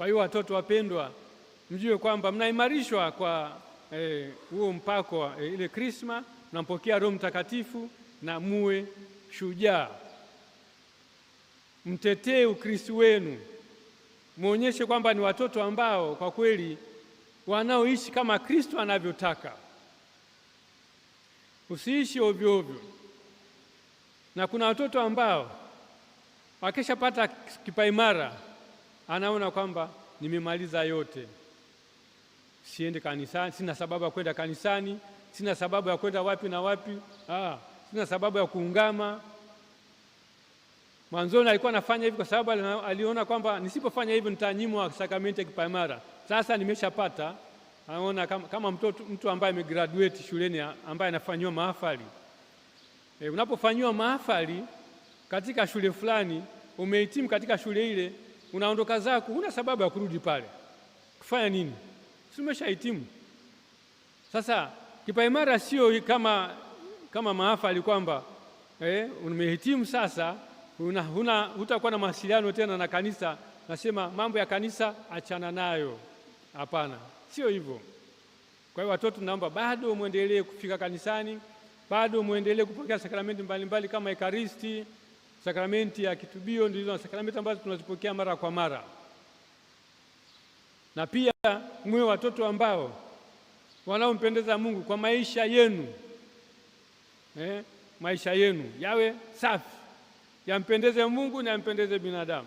Kwa hiyo watoto wapendwa, mjue kwamba mnaimarishwa kwa eh, huo eh, mpako eh, ile krisma, mnampokea Roho Mtakatifu na muwe shujaa, mtetee ukristo wenu, muonyeshe kwamba ni watoto ambao kwa kweli wanaoishi kama Kristo anavyotaka. Usiishi ovyo ovyo. Na kuna watoto ambao wakishapata kipaimara anaona kwamba nimemaliza yote, siende kanisani, sina sababu ya kwenda kanisani, sina sababu ya kwenda wapi na wapi, ah, sina sababu ya kuungama. Mwanzoni alikuwa anafanya hivi kwa sababu aliona kwamba nisipofanya hivyo nitanyimwa sakramenti ya kipaimara. Sasa nimeshapata, anaona kama, kama mtoto, mtu ambaye amegraduate shuleni ambaye anafanyiwa mahafali e, unapofanyiwa mahafali katika shule fulani, umehitimu katika shule ile unaondoka zako, huna sababu ya kurudi pale kufanya nini? Si umeshahitimu sasa. Kipaimara sio kama, kama maafali kwamba eh, umehitimu sasa una, una, hutakuwa na mawasiliano tena na kanisa, nasema mambo ya kanisa achana nayo. Hapana, sio hivyo. Kwa hiyo watoto, naomba bado mwendelee kufika kanisani, bado mwendelee kupokea sakramenti mbalimbali kama Ekaristi sakramenti ya kitubio ndizo sakramenti ambazo tunazipokea mara kwa mara, na pia mwe watoto ambao wanaompendeza Mungu kwa maisha yenu eh, maisha yenu yawe safi, yampendeze Mungu na yampendeze binadamu.